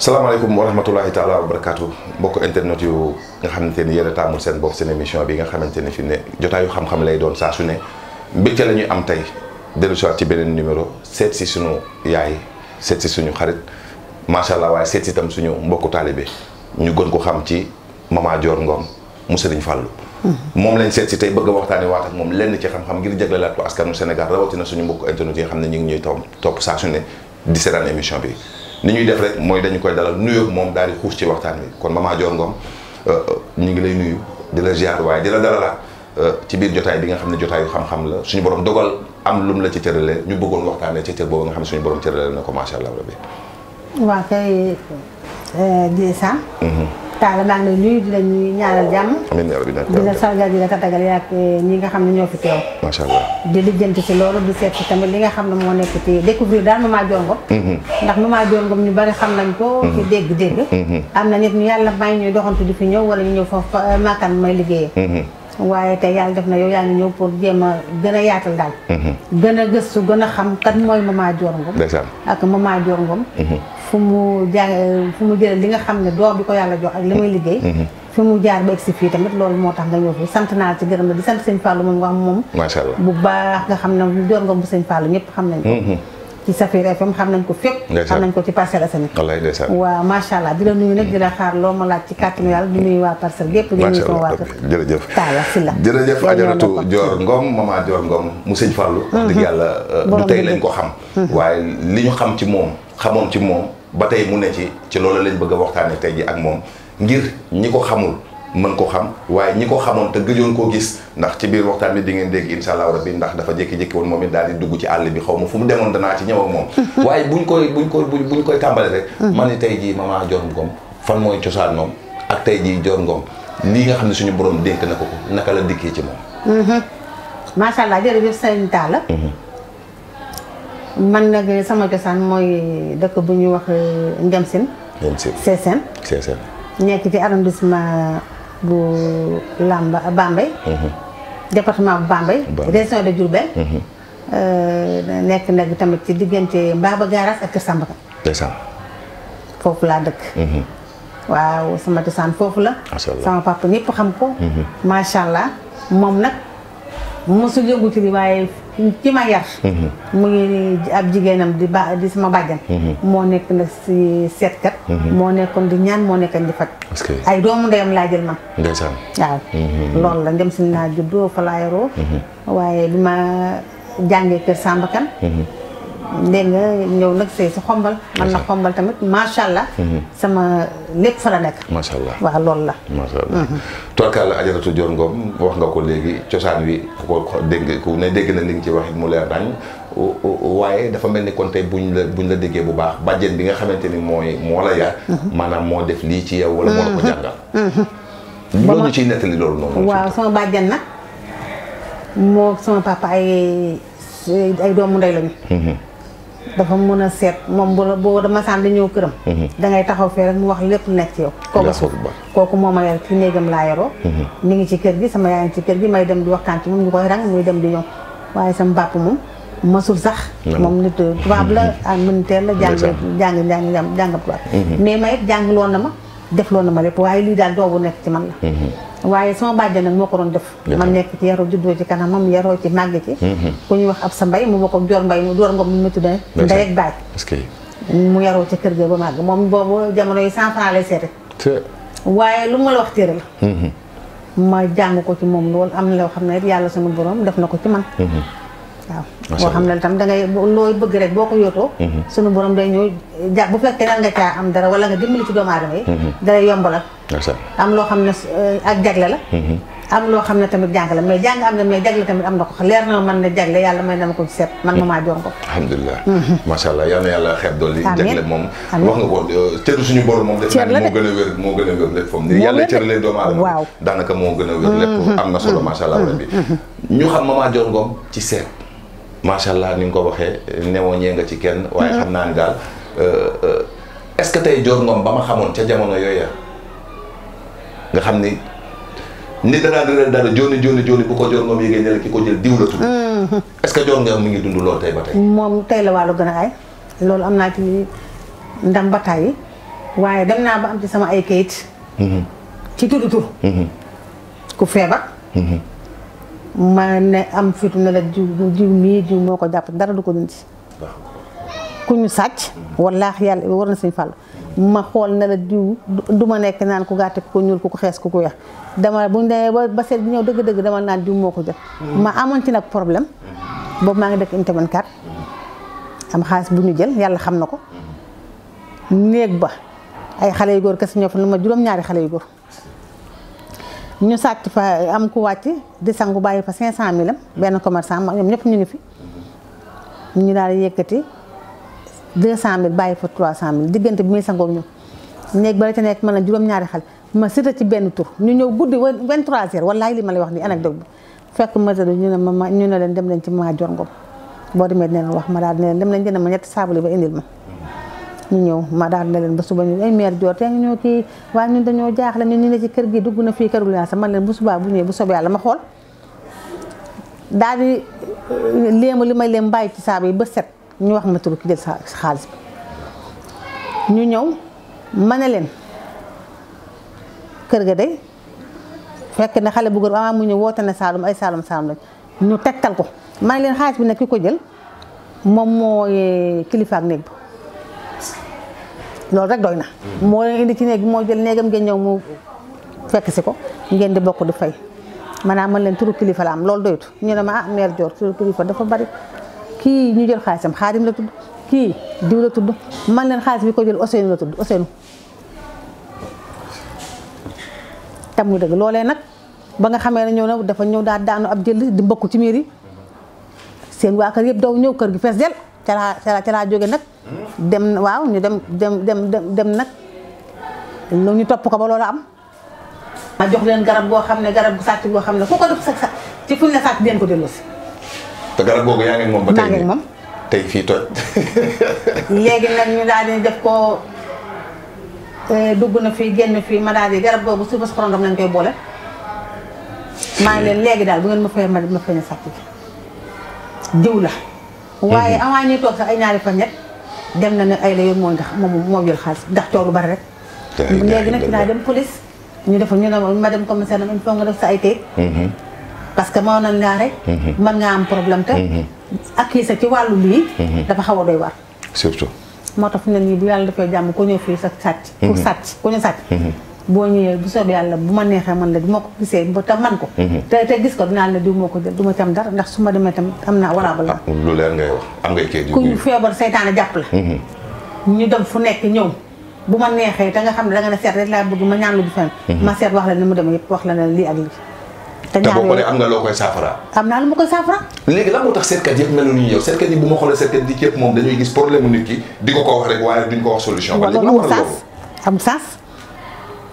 salaamaaleykum wa rahmatulahi taala wa barakaatu mbokk internet yu nga xamante ni yéen a taamul seen bopp seen émission bi nga xamante ni fi ne jotaayu xam-xam lay doon saa su ne mbégte la ñuy am tey dellu si ci beneen numéro seet si suñu yaay seet si suñu xarit macha allah waaye seet si itam suñu mbokku taalibe ñu gën ko xam ci Mama Dior Ngom mu Sëriñ Fàllu moom lañ seet si tey bëgg a waxtaanee waat moom lenn ci xam-xam ngir jaglelaat ko askanu Sénégal rawatina suñu mbokk internet yi nga xam ne ñu ngi ñuy topp saa su ne di seetaan émission bi ni ñuy def rek mooy dañu koy dalal nuyoog moom daal di xuus ci waxtaan wi kon Mama Dior Ngom euh, euh, ñu ngi lay nuyu di la ziar waaye di la dalalaat euh, ci biir jotaay bi nga xam ne jotaayu xam-xam la suñu borom dogal am lum la ci tëralee ñu bëggoon waxtaanee ci cër boobu nga xam ne suñu borom tëralee na ko macha allah rabbi. waaw kay Dieng Talla maa ngi lay nuyu la ñuy jàmm. amiin yaa rabbi di la sargal di la tatagal yaa ak eh, ñi nga xam ne ñoo fi teew. macha allah di lijjanti ci loolu du seet ci tamit li nga xam ne moo nekk ci découvrir daal Mama Diongom. Mm-hmm. ndax Mama Diongom ñu bari xam nañ ko. Mm-hmm. dégg-dégg. Mm-hmm. am na nit ñu yàlla may ñuy doxantu di fi ñëw wala ñu ñëw foofu eh, maakan may liggéeyee. waaye tey yàlla def na yow yaa ngi ñëw pour jéem a gën yaatal daal. Mhm. gën a gëstu gën a xam kan mooy maman Dior Ngom. ak maman Dior mhm. fu mu jaar fu mu jëlee li nga xam ne door bi ko yàlla jox ak li muy mhm. liggéey. fu mu jaar ba si fii tamit loolu moo tax nga ñëw fi sant naa ci gërëm la di sant sëñ Fallou moom wax moom. macha allah bu baax nga xam ne Dior Ngom bu sëñ Fallou ñëpp xam nañ ko. ci Safir FM xam nañ ko fépp xam nañ ko ci Parcelles Assainies waaw macha allah di la nuyu nag di la xaar loo ma laaj ci kàttanu yàlla di nuyu waa parcelle gépp di nuyu sama waa kër jërëjëf Talla Sylla jërëjëf Ngom maman Dior Ngom mu sëñ Fallou wax mhm. yàlla euh, du tey lañ ko xam mhm. waaye li ñu xam ci moom xamoon ci moom ba tey mu ne ci ci loolu lañ bëgg a waxtaane tey ji ak moom ngir ñi ko xamul mën ko xam waaye ñi ko xamoon te gëjoon koo gis ndax ci biir waxtaan bi di ngeen dégg incha allah rabbi ndax dafa jékki-jékki woon moom it daal di dugg ci àll bi xaw ma fu mu demoon danaa ci ñëw moom waaye buñ koy buñ koy buñ koy tàmbale rek mm-hmm. man ni tey jii maman Dior Ngom fan mooy cosaan moom ak tey jii Dior lii nga xam ne suñu borom dénk na ko ko naka la dikkee ci moom mm-hmm. macha allah jërëjëf sëñ Talla mm-hmm. man nag sama cosaan mooy dëkk bu ñuy wax Ndiamsine Ndiamsine Sessène Sessène nekk ci arrondissement bu Lamba Bambey. Mhm. département bu Bambey. région de Diourbel. Mhm. Euh, nekk nag tamit ci diggante Mbaba Garas ak Kër Samba. ndeysaan. foofu laa dëkk. Mhm. waaw sama cosaan foofu la. sama papa ñëpp xam ko. macha allah moom nag. mosul yëngu ci li waaye ci ma yar mhm. muy ab jigéenam di ba di sama bàjjan mhm. moo nekk na si seetkat mhm. moo nekkoon di ñaan moo nekkoon di faj ay doomu ndeyam laa jël man ndeysaan waaw loolu la ndem si naa juddoo fa laa yaroo waaye li ma jàngee kër Samba Kane dégg nga ñëw nag see si xombal man na xombal tamit macha allah. Mhm. sama lépp fa la nekk macha allah waaw loolu la macha allah mhm. toorkaal ajaratu Dior wax nga ko léegi cosaan wi ku ko ne dégg na li nga wax mu leer nañ waaye dafa mel ni kon tey buñ la déggee bu baax bàjjen bi nga xamante ni mooy moo la yar mhm. maanaam moo def lii ci yow wala moo la ko jàngal loolu ciy nettali loolu noonu waaw sama bàjjen nag moo sama papa ay doomu ndey lañu dafa mën a seet moom bu la boo dama sànni ñëw këram. Mhm. da ngay taxaw fee rek mu wax lépp nekk ci yow. kooku suuf kooku moo ma yor ci néegam laa yoroo. Mhm. mi ngi ci kër gi sama yaay ci kër gi may dem di waxtaan ci moom ñu koy rang muy dem di ñëw waaye sama bàpp moom. masul sax moom nit euh, tubaab la mhm. ak ah, teel la jàng jàng jàng jàng tubaab mais ma it jàngloon na ma defloon na ma lépp waaye lii daal doobu nekk ci man la waaye sama bàjjen nag moo ko doon def ma nekk ci yaroo juddoo ci kanam moom yaroo ci màgg ci mm-hmm. ku ñuy wax ab sa mbay mu ma ko joor mbay mu door nga mu ma tudde eh, ndey ak baaj mu yaroo ci kër ga ba màgg moom boobu jamono yi cent francs lay seete waaye lu ma la wax téere la mm-hmm. ma jàng ko ci moom loolu am na loo xam ne yàlla sama boroom def na ko ci man mm-hmm. waaw boo xam ne tam da ngay looy bëgg rek boo ko yootoo mhm. suñu borom day ñëw ja bu fekkee dal nga caa am dara wala nga dimbali ci doomu aadama yi mhm. dalay yombalal am loo xam ne eh, ak jagle la mhm. am loo xam ne tamit jàng la mais jàng am na mais jagle tamit am na leer na man ne jagle yàlla may na ko seet man ma maa jox ko alhamdulilah macha allah yal dool li jagle moom wax nga ko eh, cëru suñu borom moom def moo gën a moo gën a wér lépp foofu ni yàlla cëralee doomu aadama waaw daanaka moo gën a wér lépp am na solo macha allah rabbi ñu xam ma maa jox ngoom ci seet macha allah ni nga ko waxee newoo ñee nga ci kenn. waaye xam naa ni daal euh, euh, est-ce que tey Dior Ngom ba ma xamoon ca jamono yooya nga xam ni nit da daan réer dara jooni bu ko Dior Ngom yëgee ne ki ko jël diw la tudd. Mm-hmm. est-ce que Dior mi ngi dundu loolu tey ba tey. moom tey la wàllu gën a ay loolu am naa ci ndam ba tàyyi waaye dem naa ba am ci sama ay kayit. Mm-hmm. ci tudd mm-hmm. ku feebar. ma ne am fitu ne la jiw jiw mii jiw moo ko jàpp dara du ko dindi ku ñu sàcc wallaahi yàlla war na sëñ Fall ma xool ne la diw du ma nekk naan ku gàtte ku ko ñuul ku ko xees ku ko weex dama bu ñu demee ba seet ñëw dëgg-dëgg dama naan diw moo ko jëf hmm. ma amoon ci nag problème boobu maa ngi dëkk unité 24 hmm. am xaalis bu ñu jël yàlla xam na ko hmm. néeg ba ay xale yu góor kese ñoo fa lu ma juróom-ñaari xale yu góor ñu sàcc fa am ku wàcc di sangu bàyyi fa cent am benn commerçant ma ñoom ñëpp ñu ngi fi ñu daal di yëkkati 200000 bàyyi fa 300000 diggante bi muy sangoog ñu néeg ba la ca nekk ma na juróom-ñaari xal ma sita ci benn tur ñu ñëw guddi 23h wallaay li ma lay wax nii anecdote bi fekk ma tëdd ñu ne ma ñu ne leen dem leen ci ma Dior Ngom boo demee dina wax ma daal ne leen dem leen jënd ma ñetti saabu li ba indil ma. ñu ñëw ma daal ne leen ba suba ñu ay te ñoo kii waaye dañoo jaaxle ne ci kër gi dugg na fii këru yaasa man leen bu subaa bu ñëwee bu soobee euh, li may leen bàyyi ci saabu yi ba set wax ma turu ki jël sa xaalis ñu ñëw ma ne leen kër ga day fekk na xale bu góor avant mu ñëw woote na Saalum ay Saalum Saalum lañ ñu tegtal ko ma ne leen xaalis bi nag ki ko jël moom mooy kilifa néeg ba loolu rek doy na. moo leen indi ci néeg moo jël néegam ngeen ñëw mu fekk si ko ngeen di bokk di fay maanaam man leen turu kilifa la am loolu doyut ñu ne ma ah mère Dior turu dafa bari kii ñu jël xaalisam xaadim la tudd kii diw la tudd man leen xaalis bi ko jël Ousseynou la tudd Ousseynou. tam muy dëgg loolee nag ba nga xamee ne ñëw na dafa ñëw daal daanu ab jël di mbokku ci miir yi seen waa kër yëpp daw ñëw kër gi fees del ca laa ca jóge nag. dem waaw ñu dem dem dem dem nag lu ñu topp ko ba loolu am. ma jox leen garab goo xam ne garab sàcc boo xam ne ku ko def sax ci fu ñu la ko delloosi. te garab googu yaa moom ba tey moom. tey fii toj. léegi nag daal di def ko eh, dugg na fii génn fi ma daal di garab googu suba xorondom lañ koy boole. maa ngi leen léegi daal bu ngeen ma fay ma ma fay ne sàcc ji jiw la. waaye avant ñuy toog sa ay ñaari fan ñett dem na ne ay la yoon moo ndax moom moo jël xaalis ndax coow lu bari rek. léegi nag dinaa dem police ñu defal ñu ne ma dem commissaire na foog nga def sa ay tey. Mm-hmm. parce que moo nan ngaa rek. Mm-hmm. mën ngaa am problème te. ak yi sa ci wàllu lii. Mm-hmm. dafa xaw a doy war. surtout. moo tax fi ne nii bu yàlla defee jàmm ku ñëw fii sa sàcc. pour sàcc ku ñu sàcc. boo ñëwee bu soobee yàlla bu ma neexee man la du ma ko gisee ba man ko. Mhm. te te gis ko dinaa la diw moo ko jël du ma ci dara ndax su ma demee tam am naa waraabal la. Ah, lu leer ngay wax am ngay kayit ku ñu feebar seytaane la. Mhm. ñu dem fu nekk ñëw. bu ma neexee te nga xam ne da nga ne seet rek laa bëgg ma ñaan lu bu fen mhm. ma seet wax la ni mu demee yëpp wax la ne lii ak lii. te boo ko ne am nga loo koy saafara am naa ma koy saafara léegi la moo tax seetkat yëpp mel bu ma xoolee seetkat yi yëpp moom dañuy gis nit ki di ko ko wax rek waaye duñ ko wax solution. wala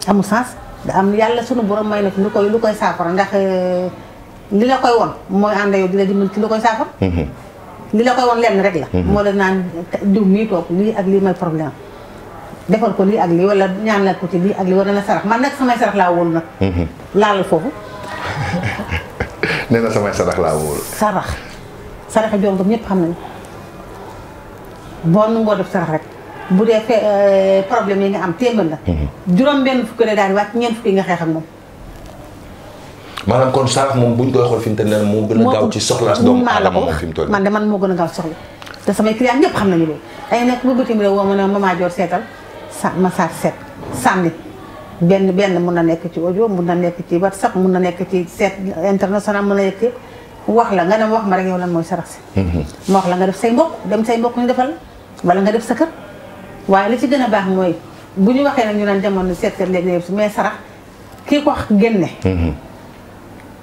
amul sens da am yàlla sunu borom may na ci lu koy lu koy saafara ndax euh, li la koy won mooy ànd yow di la ci lu koy saafara. Mhm. li la koy won lenn rek la. Mhm. moo la naan diw mii toog lii ak lii may problème defal ko lii ak lii wala ñaan la ko ci lii ak lii wala na sarax man nag samay sarax laa wóolu nag. Mhm. laal foofu. nee na samay sarax laa wóolu. sarax sarax yi jom ñëpp xam nañu boo nangoo def sarax rek. bu dee fe euh, problème yi nga am téeméer la. Mhm. juróom benn fukki la daal di wàcc ñeent fukki nga xeex ak moom. maanaam kon sarax moom buñ koy xool fi mu toll nii moo gën a ci soxla doomu aadama moom fi mu man de man moo gën a gaaw soxla te samay client ñëpp xam nañu loolu. ay nekk ba bitim réew woo ma ne mama joor seetal sa ma saar seet sànni benn benn mun na nekk ci audio mun na nekk ci sax mun na nekk ci seet international mun na nekk ci wax la nga dem wax ma rek yow lan mooy sarax si. Mhm. ma wax la nga def say mbokk dem say mbokk ñu defal la wala nga def sa kër. waaye li ci gën a baax mooy bu ñu waxee nag ñu naan jamono seetkat léeg-léeg su mais sarax kii ko wax génne mm-hmm.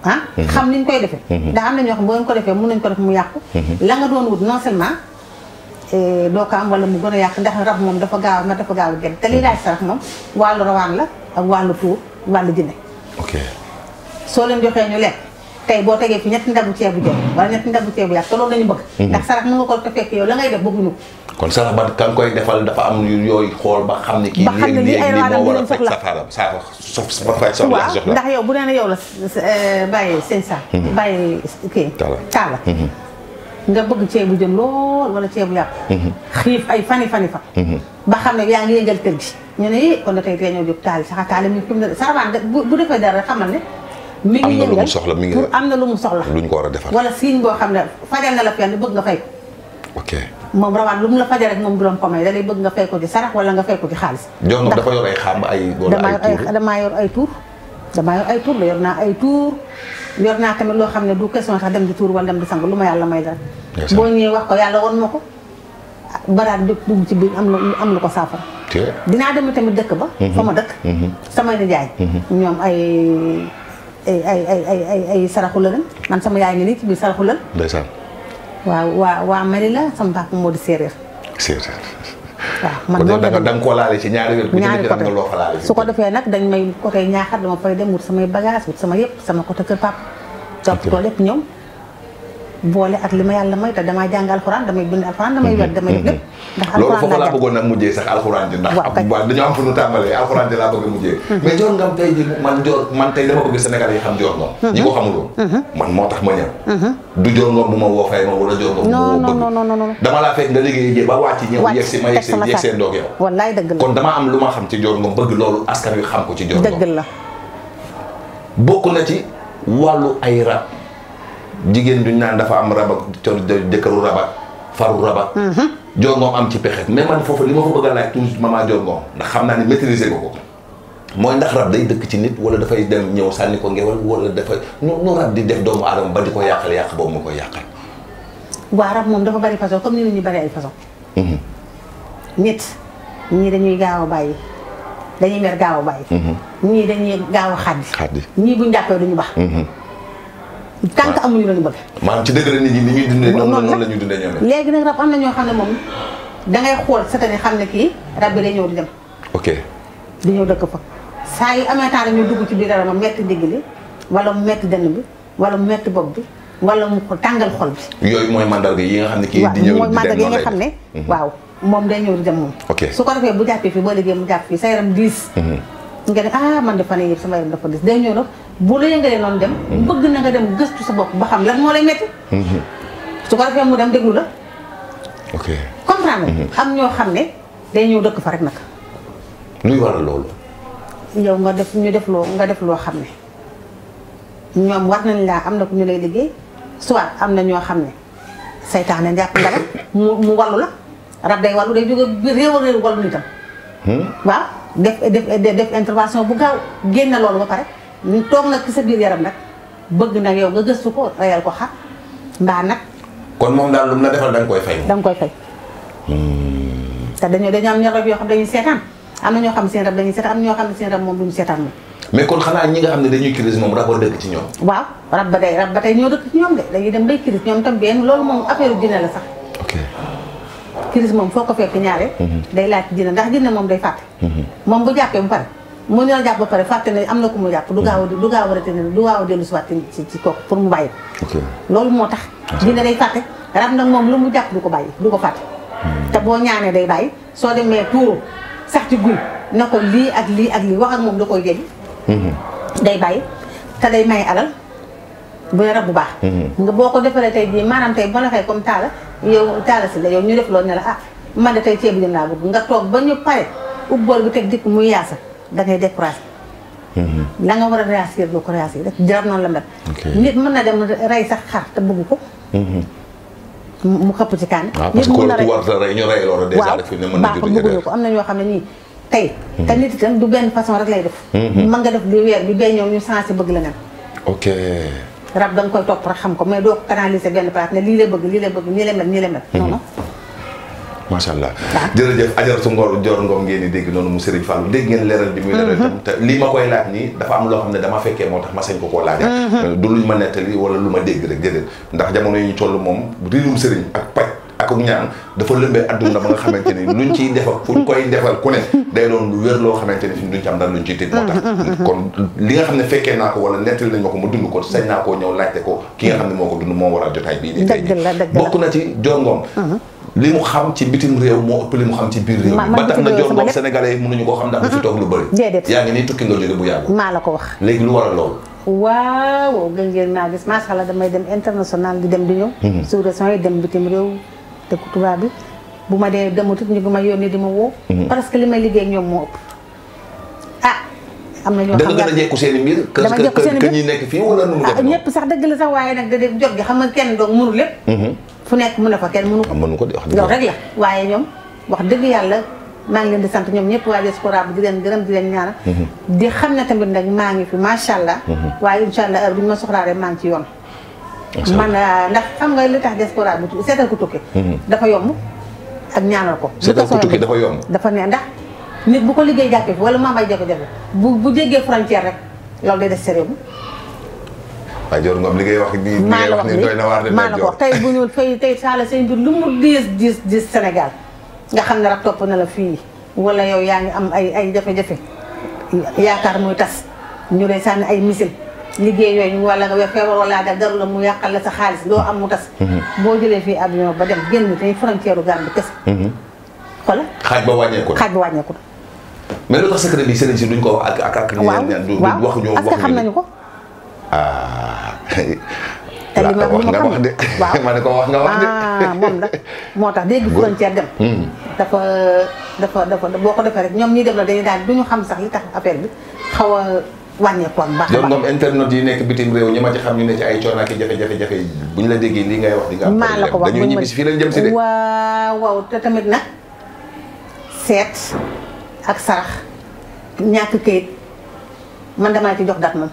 ah mm-hmm. xam niñ koy defee mm-hmm. ndax am na wax xam boo ko defee mën nañ ko def mu yàqu la nga doon wut non seulement eh, doo ko am wala mu gën a yàq ndax rab moom dafa gaaw ma dafa gaaw a génn te lii laaj sarax moom wàllu rawaan la ak wàllu tuur wàllu jinne soo leen joxee ñu lekk tey boo tegee fi ñetti ndagu ceebu jën wala ñetti ndagu ceebu yàq te loolu lañu bëgg mhm. ndax sarax mën nga ko te fekk yow la ngay def bëgguñu ko kon sarax ba kan koy defal dafa xool ba xam ne kii léegi léegi lii moo war a fekk safaaram saa so fay soxla yow bu nee na yow la eh, bàyyi seen sa mhm. bàyyi kii taala mhm. nga bëgg ceebu jën lool wala ceebu yàpp xiif ay fani fani fa ba xam ne yaa ngi yëngal kër gi ñu ne kon a tey tey ñoo jóg taali saxa taali mi fi mu ne sarabaan bu defee dara xamal ne mi ngi yëngal soxla mi ngi pour am na lu mu soxla luñ ko war a defar wala siiñ boo xam ne fajal na la fenn bëgg nga fay ko ok moom rawaan lu mu la fajal rek moom du la ko may da lay bëgg nga fay ko ci sarax wala nga fay ko ci xaalis ñoom dafa yor ay xàmb ay damaa yor ay tuur damaa yor ay tuur la yor naa ay tuur yor naa tamit loo xam ne du question sax dem di tuur wala dem di sang lu ma yàlla may dara boo ñëwee wax ko yàlla woon ma ko baraat bépp dugg ci biir am lu am lu ko saafara dinaa dem tamit dëkk ba mhm. fa ma dëkk mhm. samay nijaay mhm. ñoom ay ay ay ay ay ay la man sama yaay ngi nii ci biir saraxu la. waaw waa waa Mali la sama papa moo di séeréer. séeréer. waaw man noonu la da nga koo laale ci ñaari wet. ñaari côté su ko defee nag dañ may côté ñaaxar dama fay dem wut samay bagage wut sama yëpp sama côté kër papa. topp tool yëpp ñëw. boole ak li ma yàlla may te damay jàng alxuraan damay bind alxuraan damay wér damay lépp ndax alxuraan ji ndax a mujjee hmm. mais joor ngam tey ji man joor hmm. ko hmm. moo tax ma ñëw du joor ngam bu ma woo fay ma wala joor ngam bu ma woo non dama laa fekk nga liggéey jee ba am lu ma xam ci joor ngam bëgg loolu askan wi xam ko ci joor ngam dëgg la bokk na ci wàllu ay rab jigéen duñ naan dafa am raba cor jëkkëru raba faru raba Dior mhm. Ngom am ci pexe mais man foofu li ma fa bëgg a laaj toujours maman Dior ndax xam naa ne maîtriser nga ko mooy ndax rab day dëkk ci nit wala dafay dem ñëw sànni ko ngewal wala dafay nu nu rab di def doomu aadama ba di ko ma koy yàqal waaw rab moom dafa bari façon comme ni nit ñu bari ay façon mhm. nit ñii dañuy gaaw a bàyyi dañuy mer gaaw a bàyyi mhm. ñii dañuy gaaw a xaddi ñii buñ jàppee duñu bax tant que amuñu lañu bëgg. maanaam ci dëgg la nit ñi ni ñuy léegi nag rab am na ñoo xam ne moom dangay xool sa tane xam ne kii rab bi day ñëw di dem. ok di ñëw dëkk fa saa yu amee temps ñu dugg ci biir dara ma metti ndigg li wala mu metti dënn bi wala mu metti bopp bi wala mu tàngal xol bi. yooyu mooy mandarga yi nga xam ne kii di ñëw di dem yi nga ne mhm. waaw moom day ñëw di dem moom. ok su ko defee bu jàppee fii boo liggéey mu sa yaram diis. Mhm. nga ne ah man de fan sama yaram dafa diis day ñëw nag bu la yëngalee noonu dem. bëgg na nga dem gëstu sa bopp ba xam lan moo lay métti. Mhm. su ko defee mu dem déglu la. ok comprendre mhm. am ñoo xam ne day ñëw dëkk fa rek nag. luy waral loolu. yow nga def ñu def loo nga def loo xam ne ñoom war nañ laa am na ku ñu lay liggéey soit am na ñoo xam ne saytaane njàpp ndala mu mu wallu la rab day wallu day jóge réew a réew wallu nitam. Hmm? waaw def def def intervention bu gaaw génn loolu ba pare. li toog nag ci sa biir yaram nag bëgg nag yow nga gëstu ko reyal ko xar ndaa nag. kon moom daal lu mu la defal da nga koy fay. da nga koy fay. Hmm. te am ñoo yoo xam dañuy seetaan am na ñoo xam seen rab dañuy seetaan am na xam ne seen rab moom duñu seetaan moom. kon xanaa ñi nga xam ne dañuy moom rab war dëkk ci ñoom. waaw rab ba day rab ba tey ñoo dëkk ci ñoom dem bay crise ñoom loolu moom affaire dina la sax. ok crise moom foo ko fekk ñaare. Mhm. day laaj dina ndax dina moom day fàtte. Mhm. moom bu jàppee bu pare mu ñoo jàpp ba pare fàtte ne am na ku mu jàpp du gaaw a du gaaw a retenir du gaaw a dellu si waat ci ci kooku pour mu bàyyi loolu moo tax dina day fàtte rab na moom lu mu jàpp du ko bàyyi du ko fàtte hmm. te boo ñaanee day bàyyi soo demee tuuru sax ci guy na ko lii ak lii ak lii wax ak moom da koy jëli hmm. day bàyyi te day may alal bu ne rab bu baax hmm. nga boo ko defaree tey bii maanaam tey boo la fay comme taala yow taala si la yow ñu def loolu ne la ah man de tey ceebu jën nga toog ba ñu pare ubbool bi teg dikk muy yaasa da ngay découragé. la mm-hmm. nga war a réagir boo ko yi rek jaram noonu la mel. nit mën na dem rey sax xar te bëgg ko. Mm-hmm. mu xëpp ci kaan. Ah, nit mu na rey waaw parce a rey ko am na ñoo xam ne nii tey. Mm-hmm. te nit itam du benn façon rek lay def. mën nga def bi weer bi bee ñëw ñu sensé bëgg la nen. ok. rab da nga koy topp rek xam ko mais doo ko canaliser benn place ne lii lay bëgg lii lay bëgg nii lay mel nii lay mel. non macha allah jërëjëf ajaratu ngor jor ngoom ngeen di dégg noonu mu Serigne Fallou dégg ngeen leeral bi muy leeral mm-hmm. tam te lii ma koy laaj nii dafa am loo xam ne dama fekkee moo tax ma sañ ko koo laaj mm-hmm. du luñ ma nettali wala lu ma dégg rek déedéet ndax jamono yi ñu toll moom riirum Serigne ak paj ak ñaan dafa lëmbee adduna ba nga xamante ni luñ ciy defal fuñ koy defal ku ne day doon lu wér loo xamante ni fi duñ ci am dara luñ tëj moo tax mm-hmm. kon li nga xam ne fekkee naa ko wala nettali nañ ma ko ma dund ko sañ naa koo ñëw laajte ko kii nga xam ne moo ko dund moo waral jotaay bii nii tey bokk na ci jor ngoom li mu xam ci bitim réew moo ëpp li mu xam ci biir réew ba tax na joor boobu sénégalais yi mënuñu la ko wax léegi lu war a loolu waaw gën ngeen naa gis macha allah damay dem international di dem di ñëw mm-hmm. sous région yi dem bitim réew dëkku tubaab bi bu ma dee demutut ñu ngi ma yónni di ma woo mm-hmm. parce que li may liggéey ak ñoom moo ëpp ah, am na ñoo xam da nga gën a jekku seen i mbir. dama jekku seen i mbir que nekk fii ah, ñëpp sax dëgg sax waaye nag da jot gi xam nga kenn doog mënu lépp. Mm-hmm. fu nekk mën na ko kenn mënu ko. ko de wax loolu rek la waaye ñoom wax dëgg yàlla maa ngi leen di sant ñoom ñëpp waa diaspora leen gërëm di leen ñaanal. Mhm. xam ne tamit nag maa ngi fi macha allah. Mhm. waaye incha allah heure bu ma soxlaa rek ngi ci yoon. man ah, ndax xam nga li tax diaspora bi seetal ku tukki. Mhm. dafa yomb ak ñaanal ko. seetal ku tukki dafa dafa ne ndax nit bu ko liggéey jàppee wala maa may jafe-jafe bu bu jéggee frontière rek loolu day des sérieux waaye Dior li ngay wax nii. maa la wax nii doy na waar de. maa la wax tey bu ñu fay tey saala sëñ bi lu mu diis diis Sénégal nga xam ne rek topp na la fii wala yow yaa ngi am ay ay jafe-jafe yaakaar muy tas ñu lay sànni ay misil liggéey yooyu wala nga feebar laa def dara la mu yàqal la sa xaalis loo am mu tas. Mhm. boo jëlee fii avion ba dem génn tey frontière u Gambie kese. xoolal mhm. xaaj ba wàññeeku xaaj ba wàññeeku mais lu tax secret bi sëriñ si duñ ko wax ak ak ak. waaw xam nañu ko. ah. te li ma wax nga wax de ma ne ko wax nga wax de. Ah, moom la moo tax dégg frontière dem. Hmm. dafa dafa dafa boo ko defee rek ñoom ñuy dem la dañuy daal du ñu xam sax li tax affaire bi xaw a waa baax a baax internet yi nekk bitim réew ñi ma ci xam ñu ne ci ay coono ak jafe-jafe jafe bu ñu la déggee lii ngay wax di nga am. maa la ko wax dañoo ñibbi si fii lañ jëm si de. waaw waaw te tamit nag seet ak sarax ñàkk kayit man damaa ci jox dat moom.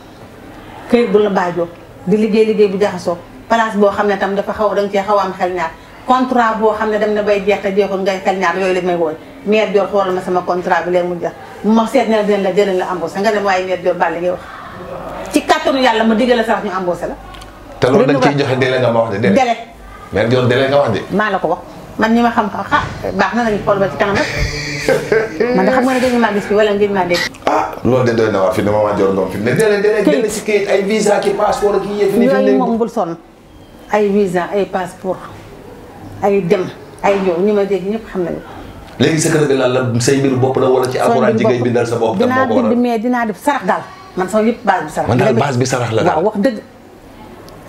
këyit bu la bàjjoo di liggéey liggéey bu jaxasoo place boo xam ne tam dafa xaw da nga cee xaw am xel ñaar boo xam ne dem na bay jeex te jeexul ngay xel ñaar yooyu la may wooy maire Dior xoolal ma sama contrat bi léegi mu jeex ma seet ne dinañ la jëlañ la embauché nga ma la sax ñu embauché la te loolu dañ ciy joxe wax de délai maire Dior délai nga wax de maa la ko wax man ñi ma xam xa ah, baax na nañu xool ba ci kanam rek man da xam nga ne dañu maa gis bi wala ngeen maa dégg loolu de doy na waar fii dama maa jor ndoom fi ne dene dene dene si kayit ay visa ki passeport ki yëf ni yooyu moom bul ay visa ay passeport ay dem ay ñëw ñi ma dégg ñëpp xam nañu ko léegi sa kër ga lan la say mbiru bopp la wala ci alxuraan ji ngay bindal sa bopp dinaa bind mais dinaa def sarax daal man sama yëpp base bi sarax man daal base bi sarax la waaw wax dëgg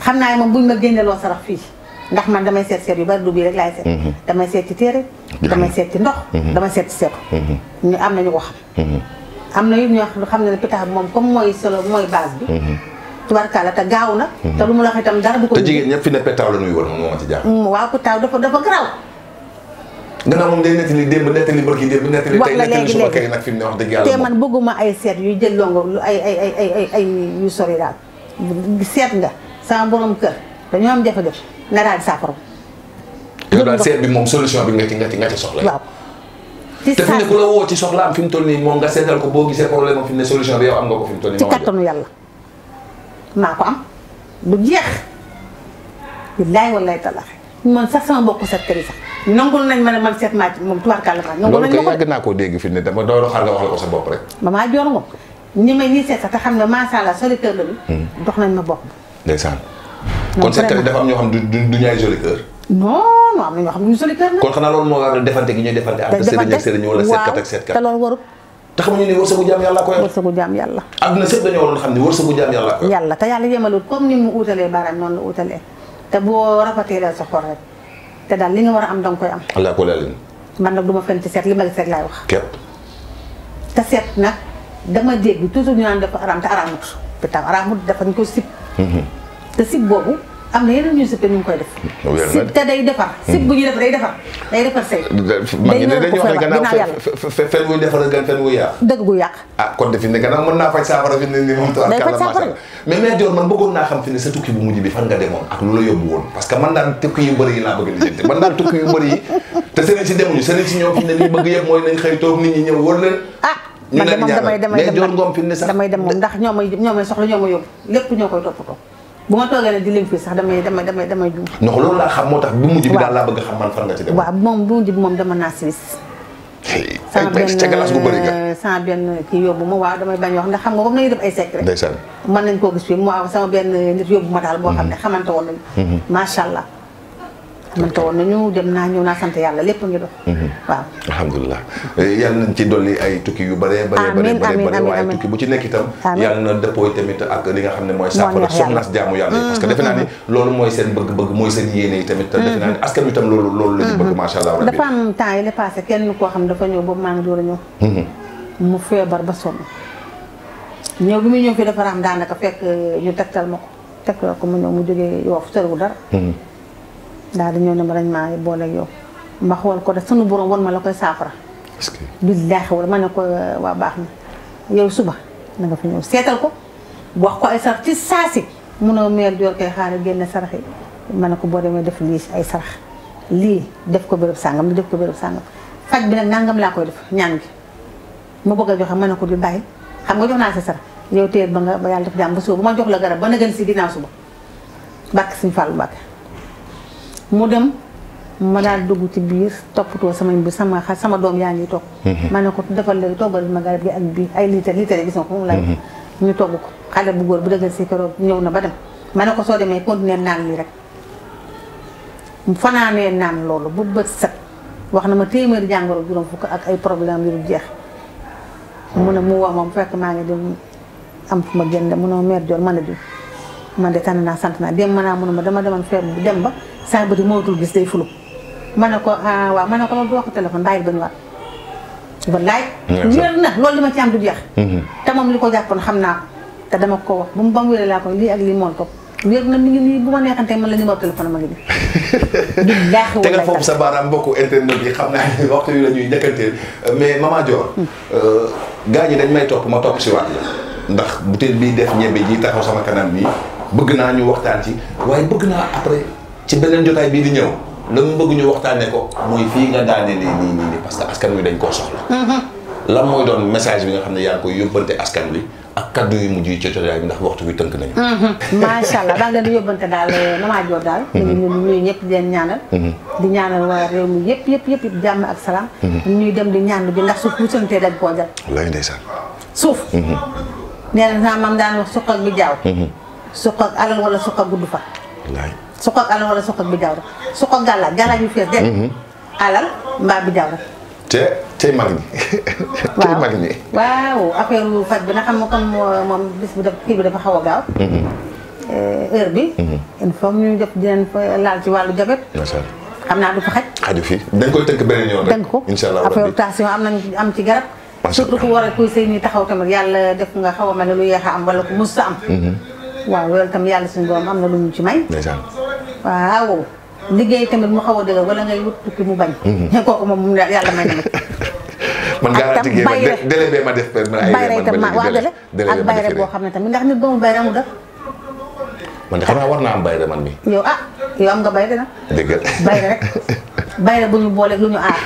xam naa ne moom buñ ma génneloo sarax fii ndax man damay seet seet yu bari du bii rek laay seet mhm. damay seet ci téere damay seet ci ndox mhm. damay seet ci seetu mhm. ñu am nañu ko xam am na yu ñuy wax xam ne pitax bi moom comme mooy solo mooy base bi. Mhm. tubarkalla te gaaw na. Mhm. te lu ma la wax itam dara du ko. te jigéen ñëpp fi ne petaaw la nuy woon moom moo ci jaaxal. Mm, waaw petaaw dafa dafa garaaw. gannaaw moom day nettali démb nettali barki démb nettali tey nettali suba kay nag fi mu ne wax dëgg yàlla te man bëgguma ay seet jël longo lu ay ay ay ay ay ay yu seet nga sama boroom kër dañoo am jafe-jafe na daal di saafara. yow daal seet bi moom solution bi nga ci nga ci nga ci waaw. te fi ne ku la woo ci soxlaam fi mu toll nii moom nga seetal ko boo gisee problème am fi mu ne solution bi yow am nga ko fi mu toll nii. man sax sama mbokku sa kër nañ ma ne man seet naa ci moom tubaarkàlla ma. nangul nañ ma ko loolu koo dégg fi ne dama doon xaar nga sa bopp rek. maman Dior Ngom ñi may ñii seet te xam ne macha allah soli kër la bi. Hmm. dox nañ ma de ndeysaan. kon sa kër dafa am ñoo xam du du du ñaay soli non am na ñoo xam ne ñu solitaire la. kon xanaa loolu waral defante te loolu xam ne wërsëgu jaam yàlla koy yàlla yàlla yemalul comme ni te boo rafetee la sa xol rek te daal li nga war a am danga koy am allah ko leen man nag du ma fen ci seet li ma la seet laay wax képp te seet nag dama dégg toujours ñu naan dafa araam te araamut te tam araamut dafa ñu ko sib mhm. te sib boobu am na yeneen musique ñu ngi koy def. sib te day defar. sib bu ñuy def day defar day defar say. day ñëw ko feebar dinaa yàlla fen wuy defar ak fen wuy yàq. dëgg bu yàq. ah kon de fi ne gannaaw mën naa faj saafara fi ne nii moom. day faj saafara mais mais Dior man bëggoon naa xam fi ne sa tukki bu mujj bi fan nga demoon ak lu la yóbbu woon parce que man daal tukki yu bëri yi laa bëgg lijjanti man daal tukki yu bëri yi te sëriñ si demuñu sëriñ si ñoom fi ne li bëgg yëpp mooy nañ xëy toog nit ñi ñëw wër leen ah, ñu leen ñaanal mais Dior Ngom fi ne sax damay dem moom ndax ñoo may ñoo may soxla ñoo may yóbbu lépp ñoo koy toppatoo bu ma toogee ne di lim sax damay damay damay damay jum. ndax loolu laa xam moo tax bu mujj bi daal laa bëgg xam man fan nga ci dem. waaw moom bu moom dama naa Suisse. ay ay nga sama benn kii yóbbu ma waaw damay bañ wax ndax xam nga comme nañu def ay secret. ndeysaan mën nañ koo gis fii mu waaw sama benn nit yóbbu ma daal boo xam ne mm-hmm. xamante woon nañu. Mm-hmm. macha allah. mën ta woon nañu dem naa ñëw naa sant yàlla lépp ngi dox mhm. waaw alhamdulilah eh, yàlla nañ ci dolli ay tukki yu bare bare bare bare bare waaye tukki bu ci nekk itam yàlla na dëppoo tamit ak li nga xam ne mooy saafara soxnaas jaamu yàlla parce mhm, defe naa ni mhm. loolu mooy seen bëgg-bëgg mooy seen yéene yi tamit defe naa ni askan wi tam loolu loolu la ñu bëgg macha dafa am temps yi la passé kenn koo xam dafa ñëw boobu maa ngi door a ñëw mu feebar ba sonn ñëw bi muy ñëw fii dafa raam daanaka fekk euh, ñu tegtal ma ko tegtal ko mu ñëw mu jógee yow fu soriwul dara daal di ñëw ne ma dañ maa boole ak yow ma xool ko def suñu borom wan ma la koy saafara. est-ce que wala ma ne ko euh, waa baax na yow suba na fi ñëw seetal ko wax ko ay sarax ci saasi mun a meer joor koy xaaral génne sarax yi ma ne ko boo demee def lii ay sarax lii def ko béréb sàngam lii def ko béréb sàngam faj bi nag nangam laa koy def ñaan bi mu bëgg a joxe ma ne ko di bàyyi xam nga jox naa sa sarax yow téer ba nga ba yàlla def jàmm ba suba bu ma jox la garab ba na gën si ginnaaw suba bàkk suñu fàllu bàkk mu dem ma daal dugg ci biir topp toppatoo sama mbir sama xa sama doom yaa ngi toog. Mhm. ma ne ko defal léegi toggal ma garab gi ak bii ay litre litre gis nga ko mu lay. Mhm. ñu togg ko xale bu góor bu dëggal si keroog ñëw na ba dem ma ne ko soo demee continuer naan lii rek. fanaanee naan loolu bu bët set wax na ma téeméeri jàngoro juróom fukk ak ay problème yu jeex mu ne mu wax moom fekk maa ngi dem am fu ma génn mu ne ma mère Dior man de man de sant naa dem ma naa mu ne ma dama demoon feebar dem ba. saa bëri mënatul gis day fulub ma ne ko ah waaw ma ne ko loolu doo ko téléphone bàyyi ba ñu war. wallaay. wér na loolu li ma ci am du jeex. Mhm. te moom li ko jàppoon xam naa ko te dama ko wax ba mu lii ak lii mool ko. wér na mi ngi nii bu ma neexante la numéro téléphone ma ngi nii. di laaxi tegal foofu sa xam naa mais Mama Dior. Hmm. Euh, gars yi dañ may topp ma topp si waat ndax butéel bii def ñebe ji taxaw sama kanam nii bëgg naa ñu waxtaan ci waaye bëgg naa après ci beneen jotaay bii di ñëw la mu bëgg ñu waxtaanee ko mooy fii nga daane nii nii nii nii parce askan wi dañ koo soxla. Mm-hmm. la mooy doon message bi nga xam ne yaa ngi koy yóbbante askan wi ak kaddu yu mujj ci jotaay bi ndax waxtu wi tënk nañu. Mm-hmm. macha allah daal leen di yóbbante daal eh, maman Diop daal. Mm-hmm. ñu ngi nuyu ñëpp di leen ñaanal. di ñaanal waa réew mi yëpp yëpp yëpp jàmm ak salaam. ñuy dem di ñaan bi ndax suuf bu sëntee dañ koo jël. wallaahi ndeysaan. suuf. nee na maam daan wax suq ak lu jaaw. suq gudd suq ak alal wala suq ak bidaaw rek suq ak gàllaaj gàllaaj yu fees de mhm. alal mbaa bidaaw rek te tey mag waaw affaire faj bi na xam nga comme moom bis bi dafa kii bi xaw a gaaw mhm. eh, heure bi mhm. il faut ñu def dinañ fa laal ci wàllu jabet xam naa du fa xaj xaju fi dañ koy tënk beneen yoon rek dañ ko incha allah affaire tension am ci garab surtout ku war a kuy sëy ni tamit yàlla def nga xaw a mel ne lu yeex a am wala ku mus sa am waaw loolu yàlla suñu borom am na lu ñu ci may waaw liggéey tamit mu xaw a dëgër wala ngay wut tukki mu bañ. Mhm. kooku moom yàlla may na ma man garanti gi ma délai bee ma def ay ak bayre boo xam ne tamit ndax nit ba mu bayre mu def. man de xam war naa am bayre man mi yow ah yow am nga bayre nag. dëgg bayre bu ñu boole lu ñu aar.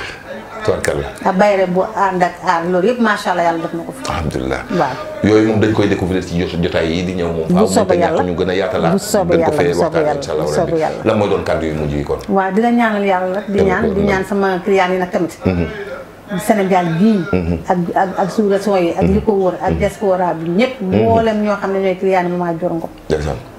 tubarkalla ak bayre bu ànd ak aar loolu yëpp macha allah yàlla def na ko fi alhamdulilah waaw yooyu moom dañ koy découvrir ci jotaay yi di ñëw moom bu soobee yàlla ñu gën a yaatalaat bu soobee yàlla bu soobee yàlla bu soobee yu mujj yi kon waaw dina ñaanal yàlla rek di ñaan di ñaan sama client yi nag tamit mm-hmm. Sénégal bii mm-hmm. ak ak ak sous yi ak li mm-hmm. ko wër ak diaspora bi ñëpp mboolem ñoo xam ne ñooy client yi Mama Dior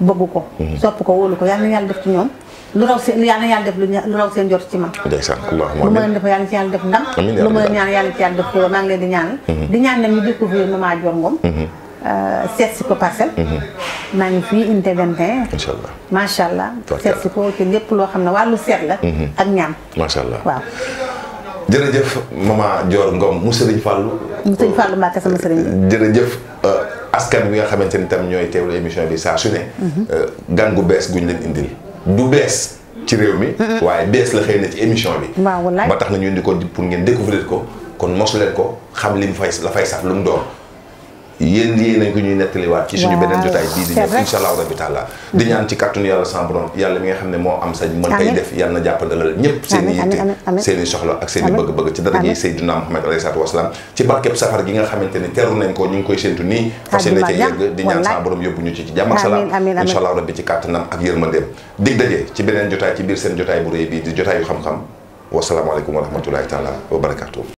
Ngom ko sopp ko wóolu ko yàlla na yàlla def ci ñoom lu raw seen yàlla yàlla def lu raw seen jot ci man ndeysaan lu ma leen def yàlla yàlla def ndam lu ma leen ñaan yàlla yàlla def fuloo maa leen di ñaanal mm-hmm. di ñaan nag ñu découvrir Mama Dior Ngom mm-hmm. euh, seet si ko parcelle mm-hmm. maa ngi fii unité 21 allah macha allah seet si ko ci loo xam ne lu seet la ak ñaan macha allah waaw jërëjëf Mama Dior Ngom mu sëriñ Fallou mu sëriñ Fallou Mbacke sama sëriñ jërëjëf euh, askan bi nga xamante ni tam ñooy teewlu émission bi saa su ne euh, gan gu bees guñ leen indil du bees ci réew mi waaye bees la xëy na ci émission bi ba tax na ñu indi ko pour ngeen découvrir ko kon mosu leen ko xam li mu fay la fay sax lu mu yéen yéen nañ ko ñuy nettaliwaat ci suñu beneen jotaay bii di ñëw incha allahu rabi taala mm-hmm. nga xam ne moo am sañ mën koy def yàlla na ñëpp seen i yitte seen i soxla ak seen bëgg ci dara gi Seydina Muhammad alayhi salaatu xamante ne teru ko ñu ngi koy séntu nii fas ñaan sans borom ñu ci ci jàmm ak salaam incha allahu rabi ci bii di jotaay yu xam-xam wasalaamualeykum wa rahmatullahi taala wa